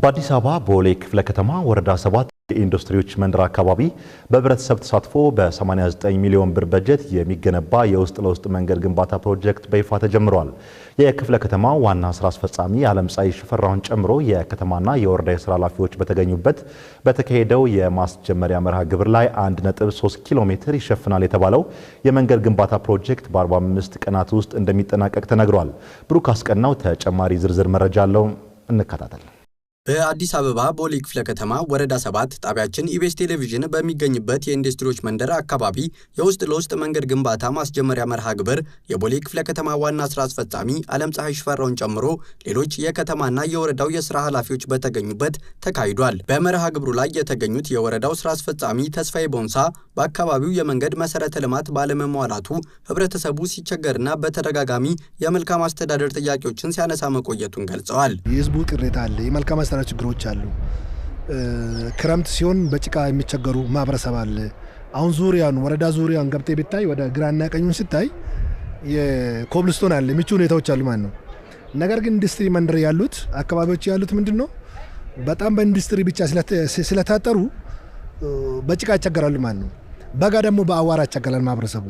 በአዲስ አበባ ቦሌ ክፍለ ከተማ ወረዳ ሰባት የኢንዱስትሪዎች መንደር አካባቢ በህብረተሰብ ተሳትፎ በ89 ሚሊዮን ብር በጀት የሚገነባ የውስጥ ለውስጥ መንገድ ግንባታ ፕሮጀክት በይፋ ተጀምሯል። የክፍለ ከተማ ዋና ስራ አስፈጻሚ አለምፀሐይ ሽፈራውን ጨምሮ የከተማና የወረዳ የስራ ኃላፊዎች በተገኙበት በተካሄደው የማስጀመሪያ መርሃ ግብር ላይ 1.3 ኪሎ ሜትር ይሸፍናል የተባለው የመንገድ ግንባታ ፕሮጀክት በ45 ቀናት ውስጥ እንደሚጠናቀቅ ተነግሯል። ብሩክ አስቀናው ተጨማሪ ዝርዝር መረጃ አለው። እንከታተል በአዲስ አበባ ቦሌ ክፍለ ከተማ ወረዳ ሰባት ጣቢያችን ኢቤስ ቴሌቪዥን በሚገኝበት የኢንዱስትሪዎች መንደር አካባቢ የውስጥ ለውስጥ መንገድ ግንባታ ማስጀመሪያ መርሃ ግብር የቦሌ ክፍለ ከተማ ዋና ስራ አስፈጻሚ አለም ፀሐይ ሽፈራውን ጨምሮ ሌሎች የከተማና የወረዳው የስራ ኃላፊዎች በተገኙበት ተካሂዷል። በመርሃ ግብሩ ላይ የተገኙት የወረዳው ስራ አስፈጻሚ ተስፋዬ ቦንሳ በአካባቢው የመንገድ መሰረተ ልማት ባለመሟላቱ ህብረተሰቡ ሲቸገርና በተደጋጋሚ የመልካም አስተዳደር ጥያቄዎችን ሲያነሳ መቆየቱን ገልጸዋል። የህዝቡ ቅሬታ አለ የተወሰነ ችግሮች አሉ። ክረምት ሲሆን በጭቃ የሚቸገሩ ማህበረሰብ አለ። አሁን ዙሪያን ወረዳ ዙሪያን ገብቴ ብታይ ወደ ግራና ቀኙን ስታይ የኮብልስቶን አለ ምቹ ሁኔታዎች አሉ ማለት ነው። ነገር ግን ኢንዱስትሪ መንደር ያሉት አካባቢዎች ያሉት ምንድን ነው በጣም በኢንዱስትሪ ብቻ ስለታጠሩ በጭቃ ይቸገራሉ ማለት ነው። በጋ ደግሞ በአዋራ ይቸገራል ማህበረሰቡ።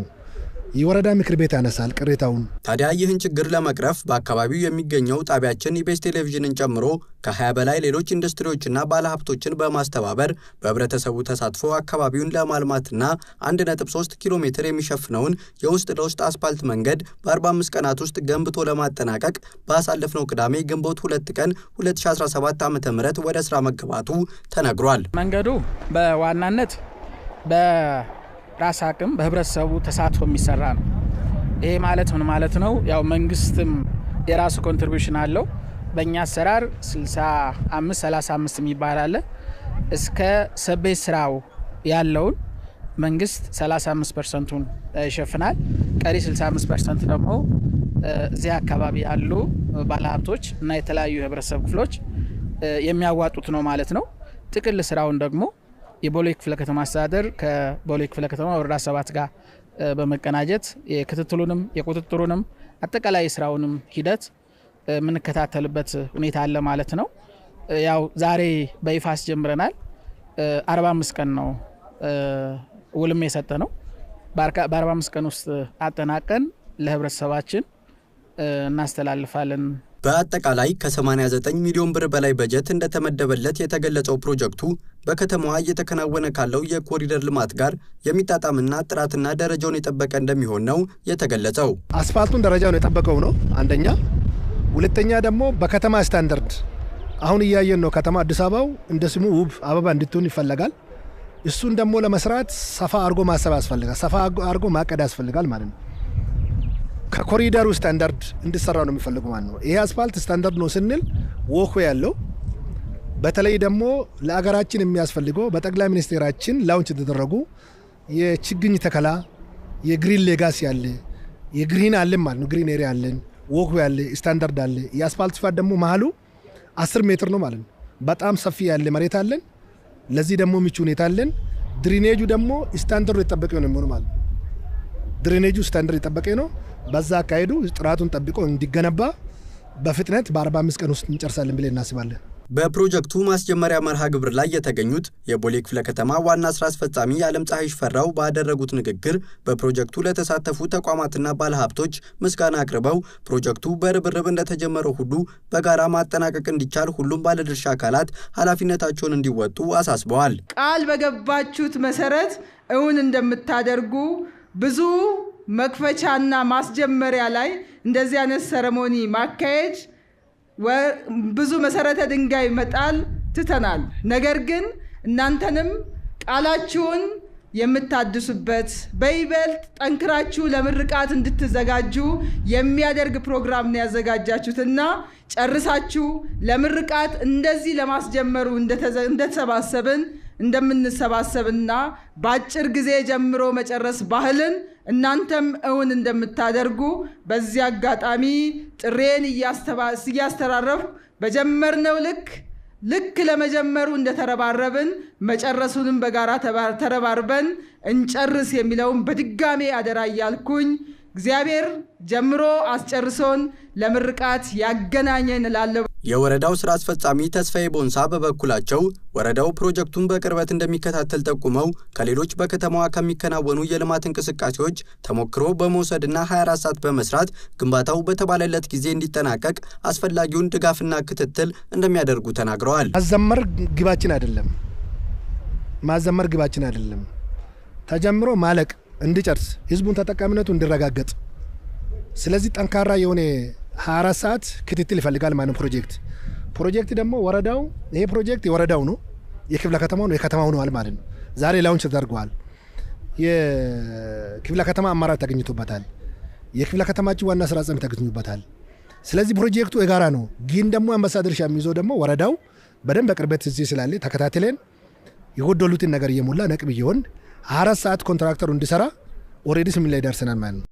የወረዳ ምክር ቤት ያነሳል ቅሬታውን። ታዲያ ይህን ችግር ለመቅረፍ በአካባቢው የሚገኘው ጣቢያችን ኢቤስ ቴሌቪዥንን ጨምሮ ከ20 በላይ ሌሎች ኢንዱስትሪዎችና ባለሀብቶችን በማስተባበር በህብረተሰቡ ተሳትፎ አካባቢውን ለማልማትና 1.3 ኪሎ ሜትር የሚሸፍነውን የውስጥ ለውስጥ አስፓልት መንገድ በ45 ቀናት ውስጥ ገንብቶ ለማጠናቀቅ ባሳለፍነው ቅዳሜ ግንቦት 2 ቀን 2017 ዓ ም ወደ ስራ መገባቱ ተነግሯል። መንገዱ በዋናነት ራስ አቅም በህብረተሰቡ ተሳትፎ የሚሰራ ነው። ይሄ ማለት ምን ማለት ነው? ያው መንግስትም የራሱ ኮንትሪቢሽን አለው። በእኛ አሰራር 65 35 የሚባል አለ። እስከ ሰቤ ስራው ያለውን መንግስት 35 ፐርሰንቱን ይሸፍናል። ቀሪ 65 ፐርሰንት ደግሞ እዚህ አካባቢ ያሉ ባለሀብቶች እና የተለያዩ የህብረተሰብ ክፍሎች የሚያዋጡት ነው ማለት ነው። ጥቅል ስራውን ደግሞ የቦሌ ክፍለ ከተማ አስተዳደር ከቦሌ ክፍለ ከተማ ወረዳ ሰባት ጋር በመቀናጀት የክትትሉንም የቁጥጥሩንም አጠቃላይ ስራውንም ሂደት የምንከታተልበት ሁኔታ አለ ማለት ነው። ያው ዛሬ በይፋስ ጀምረናል። 45 ቀን ነው ውልም የሰጠ ነው። በ45 ቀን ውስጥ አጠናቀን ለህብረተሰባችን እናስተላልፋለን በአጠቃላይ ከ89 ሚሊዮን ብር በላይ በጀት እንደተመደበለት የተገለጸው ፕሮጀክቱ በከተማዋ እየተከናወነ ካለው የኮሪደር ልማት ጋር የሚጣጣምና ጥራትና ደረጃውን የጠበቀ እንደሚሆን ነው የተገለጸው። አስፋልቱን ደረጃውን የጠበቀው ነው አንደኛ። ሁለተኛ ደግሞ በከተማ ስታንዳርድ አሁን እያየን ነው። ከተማ አዲስ አበባው እንደ ስሙ ውብ አበባ እንድትሆን ይፈለጋል። እሱን ደግሞ ለመስራት ሰፋ አርጎ ማሰብ ያስፈልጋል። ሰፋ አርጎ ማቀድ ያስፈልጋል ማለት ነው። ከኮሪደሩ ስታንዳርድ እንዲሰራ ነው የሚፈልጉ ማለት ነው። ይሄ አስፋልት ስታንዳርድ ነው ስንል ወኮ ያለው በተለይ ደግሞ ለሀገራችን የሚያስፈልገው በጠቅላይ ሚኒስቴራችን ላውንች የተደረጉ የችግኝ ተከላ የግሪን ሌጋሲ አለ፣ የግሪን አለን ማለት ነው። ግሪን ኤሪያ አለን፣ ወኩ ያለ ስታንዳርድ አለ። የአስፋልት ስፋት ደግሞ መሀሉ አስር ሜትር ነው ማለት ነው። በጣም ሰፊ ያለ መሬት አለን። ለዚህ ደግሞ ምቹ ሁኔታ አለን። ድሪኔጁ ደግሞ ስታንዳርዱ የጠበቀ ነው የሚሆኑ ማለት ነው። ድሬኔጁ ስታንደር የጠበቀ ነው። በዛ አካሄዱ ጥራቱን ጠብቆ እንዲገነባ በፍጥነት በ45 ቀን ውስጥ እንጨርሳለን ብለን እናስባለን። በፕሮጀክቱ ማስጀመሪያ መርሃ ግብር ላይ የተገኙት የቦሌ ክፍለ ከተማ ዋና ስራ አስፈጻሚ የዓለም ፀሐይ ሽፈራው ባደረጉት ንግግር በፕሮጀክቱ ለተሳተፉ ተቋማትና ባለሀብቶች ምስጋና አቅርበው ፕሮጀክቱ በርብርብ እንደተጀመረው ሁሉ በጋራ ማጠናቀቅ እንዲቻል ሁሉም ባለድርሻ አካላት ኃላፊነታቸውን እንዲወጡ አሳስበዋል። ቃል በገባችሁት መሰረት እውን እንደምታደርጉ ብዙ መክፈቻና ማስጀመሪያ ላይ እንደዚህ አይነት ሰረሞኒ ማካሄድ ብዙ መሰረተ ድንጋይ መጣል ትተናል። ነገር ግን እናንተንም ቃላችሁን የምታድሱበት በይበልጥ ጠንክራችሁ ለምርቃት እንድትዘጋጁ የሚያደርግ ፕሮግራም ነው ያዘጋጃችሁትና ጨርሳችሁ ለምርቃት እንደዚህ ለማስጀመሩ እንደተሰባሰብን እንደምንሰባሰብና በአጭር ጊዜ ጀምሮ መጨረስ ባህልን እናንተም እውን እንደምታደርጉ በዚህ አጋጣሚ ጥሬን እያስተራረፉ በጀመርነው ልክ ልክ ለመጀመሩ እንደተረባረብን መጨረሱንም በጋራ ተረባርበን እንጨርስ የሚለውን በድጋሜ አደራ እያልኩኝ እግዚአብሔር ጀምሮ አስጨርሶን ለምርቃት ያገናኘን እላለሁ። የወረዳው ስራ አስፈጻሚ ተስፋዬ ቦንሳ በበኩላቸው ወረዳው ፕሮጀክቱን በቅርበት እንደሚከታተል ጠቁመው ከሌሎች በከተማዋ ከሚከናወኑ የልማት እንቅስቃሴዎች ተሞክሮ በመውሰድና 24 ሰዓት በመስራት ግንባታው በተባለለት ጊዜ እንዲጠናቀቅ አስፈላጊውን ድጋፍና ክትትል እንደሚያደርጉ ተናግረዋል። ማዘመር ግባችን አይደለም። ማዘመር ግባችን አይደለም። ተጀምሮ ማለቅ እንዲጨርስ፣ ህዝቡን ተጠቃሚነቱ እንዲረጋገጥ። ስለዚህ ጠንካራ የሆነ 24 ሰዓት ክትትል ይፈልጋል ማለት ፕሮጀክት ፕሮጀክት ደግሞ ወረዳው ይሄ ፕሮጀክት የወረዳው ነው የክፍለ ከተማው ነው የከተማው ነዋል ማለት ነው። ዛሬ ላውንች ተደርገዋል። የክፍለ ከተማ አማራጭ ተገኝቶበታል። የክፍለ ከተማች ዋና ስራ አስፈጻሚ ተገኝቶበታል። ስለዚህ ፕሮጀክቱ የጋራ ነው። ግን ደግሞ አንበሳ ድርሻ የሚይዘው ደግሞ ወረዳው በደንብ በቅርበት እዚህ ስላለ ተከታትለን የጎደሉትን ነገር እየሞላ ነቅብ እየሆን አራት ሰዓት ኮንትራክተሩ እንዲሰራ ኦልሬዲ ስምን ላይ ደርሰናል ማለት ነው።